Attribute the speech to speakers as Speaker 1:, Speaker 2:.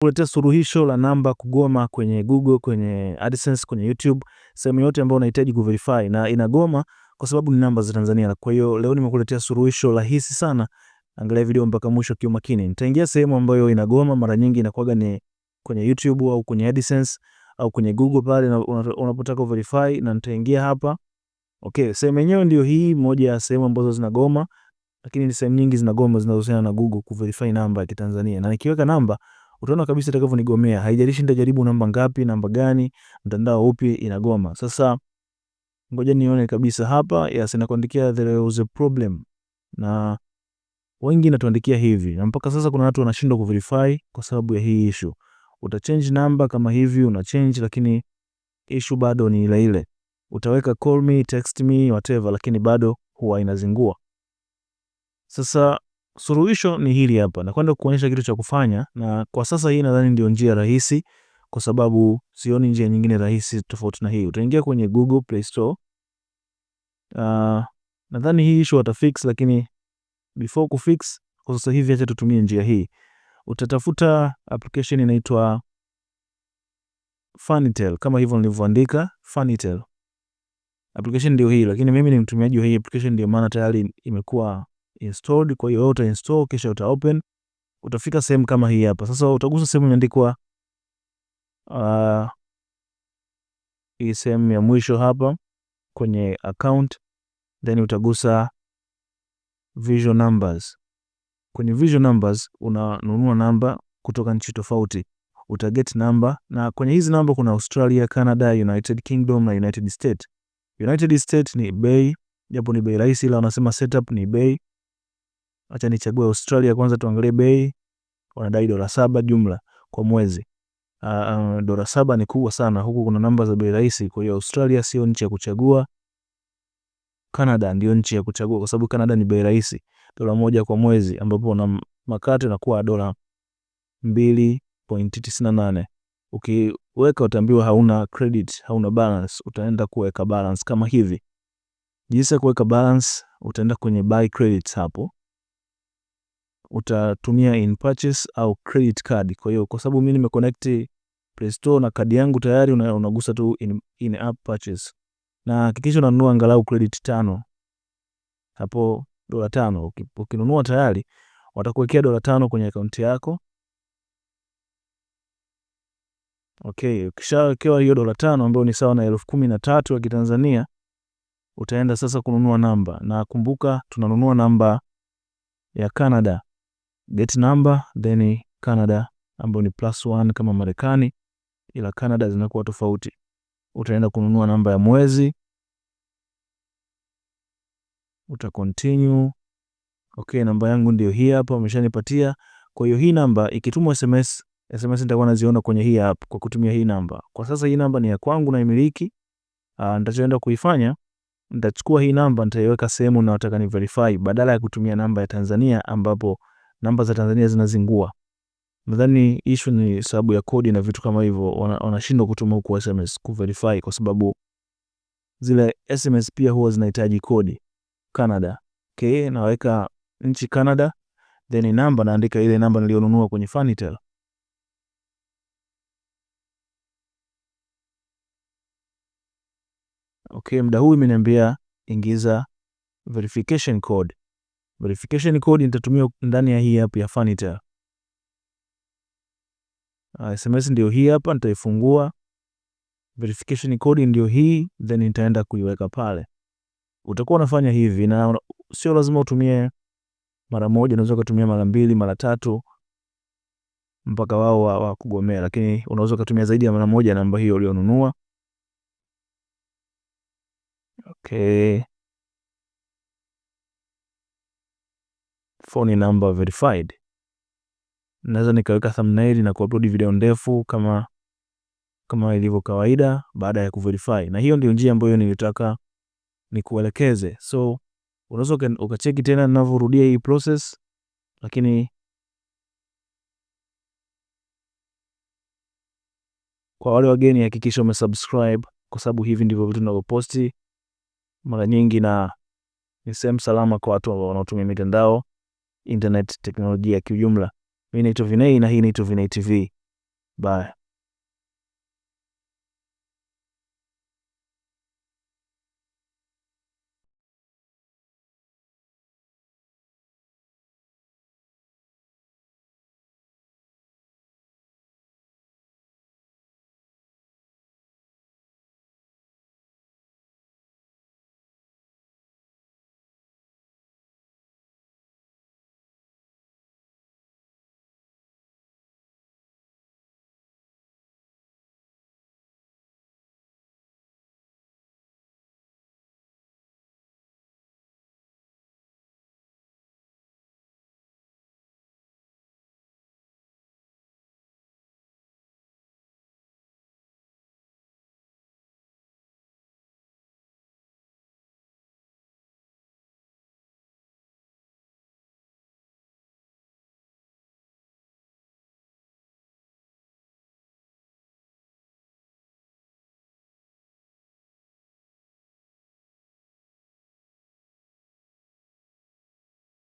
Speaker 1: kuletea suluhisho la namba kugoma kwenye Google, kwenye AdSense, kwenye YouTube, sehemu yote ambayo unahitaji kuverify na inagoma kwa sababu ni namba za Tanzania. Kwa hiyo leo nimekuletea suluhisho rahisi sana. Angalia video mpaka mwisho kwa makini. Nitaingia sehemu ambayo inagoma, mara nyingi inakuwa ni kwenye YouTube au kwenye AdSense au kwenye Google pale unapotaka verify, na nitaingia hapa. Okay, sehemu yenyewe ndio hii, moja ya sehemu ambazo zinagoma, lakini ni sehemu nyingi zinagoma zinazohusiana na Google kuverify namba ya Kitanzania. Na nikiweka namba utaona kabisa itakavyonigomea. Haijalishi nitajaribu namba ngapi, namba gani, mtandao upi, inagoma. Sasa ngoja nione kabisa hapa. Yes, nakuandikia there was a problem, na wengi natuandikia hivi, na mpaka sasa kuna watu wanashindwa kuverify kwa sababu ya hii issue. Uta change namba kama hivi, una change lakini issue bado ni ile ile. Utaweka call me, text me, whatever, lakini bado huwa inazingua. Sasa Suluhisho ni hili hapa, nakwenda kuonyesha kitu cha kufanya, na kwa sasa hii nadhani ndio njia rahisi, kwa sababu sioni njia nyingine rahisi tofauti na hii. Utaingia kwenye Google Play Store. Uh, nadhani hii issue watafix, lakini before kufix, kwa sasa hivi acha tutumie njia hii. Utatafuta application inaitwa Funitel kama hivyo nilivyoandika Funitel. Application ndio hii, lakini mimi ni mtumiaji wa hii application, ndio maana tayari imekuwa installed. Kwa hiyo uta install kisha uta open, utafika sehemu kama hii hapa. Sasa utagusa sehemu imeandikwa uh, hii sehemu ya mwisho hapa kwenye account, then utagusa Visual Numbers. Kwenye Visual Numbers unanunua namba kutoka nchi tofauti, utaget namba, na kwenye hizi namba kuna Australia, Canada, United Kingdom na United States. United States ni bei, japo ni bei rahisi, ila wanasema setup ni bei Acha nichague Australia kwanza, tuangalie bei. Wanadai dola saba jumla kwa mwezi. Uh, dola saba ni kubwa sana, huku kuna namba za bei rahisi. Kwa hiyo Australia sio nchi ya kuchagua. Canada ndio nchi ya kuchagua kwa sababu Canada ni bei rahisi, dola moja kwa mwezi, ambapo na makato nakuwa dola 2.98. Ukiweka utaambiwa hauna credit, hauna balance. Utaenda kuweka balance kama hivi. Jinsi ya kuweka balance, utaenda kwenye buy credits hapo utatumia in purchase au credit card. Kwa hiyo kwa sababu mimi nimeconnect Play Store na kadi yangu tayari, unagusa tu in, in app purchase, na hakikisha unanunua angalau credit tano hapo, dola tano. Ukinunua tayari watakuwekea dola tano kwenye akaunti yako. Okay, ukishawekewa hiyo dola tano ambayo ni sawa na elfu kumi na tatu ya Kitanzania, utaenda sasa kununua namba, na kumbuka tunanunua namba ya Canada get number then Canada ambayo ni plus 1 kama Marekani, ila Canada zinakuwa tofauti. Utaenda kununua namba ya mwezi, uta continue. Okay, namba yangu ndio hii hapa, umeshanipatia. Kwa hiyo hii namba ikitumwa SMS, SMS nitakuwa naziona kwenye hii app kwa kutumia hii namba. Kwa sasa hii namba ni ya kwangu na imiliki. Ah, nitachoenda kuifanya nitachukua hii namba nitaiweka sehemu na nataka ni verify badala ya kutumia namba ya Tanzania ambapo namba za Tanzania zinazingua. Nadhani issue ni sababu ya kodi na vitu kama hivyo, wanashindwa kutuma huko SMS ku verify, kwa sababu zile SMS pia huwa zinahitaji kodi Canada. Okay, naweka nchi Canada then namba naandika ile namba niliyonunua kwenye Funitel. Okay, mda huu imeniambia ingiza verification code. Verification code nitatumia ndani ya hii app ya Funitel. Uh, ah, SMS ndio hii hapa, nitaifungua. Verification code ndio hii, then nitaenda kuiweka pale. Utakuwa unafanya hivi, na sio lazima utumie mara moja, unaweza kutumia mara mbili, mara tatu mpaka wao wa, wa kugomea, lakini unaweza ukatumia zaidi ya mara moja namba hiyo ulionunua. Okay. phone number verified. Naweza nikaweka thumbnail na kuupload video ndefu kama kama ilivyo kawaida baada ya kuverify, na hiyo ndio njia ambayo nilitaka nikuelekeze. So unaweza ukacheki tena ninavyorudia hii process, lakini kwa wale wageni, hakikisha umesubscribe kwa sababu hivi ndivyo vitu ninavyoposti mara nyingi, na ni sehemu salama kwa watu ambao wanaotumia mitandao internet teknolojia kiujumla. mi naitwa Vinei na hii naitwa Vinei TV. Bye.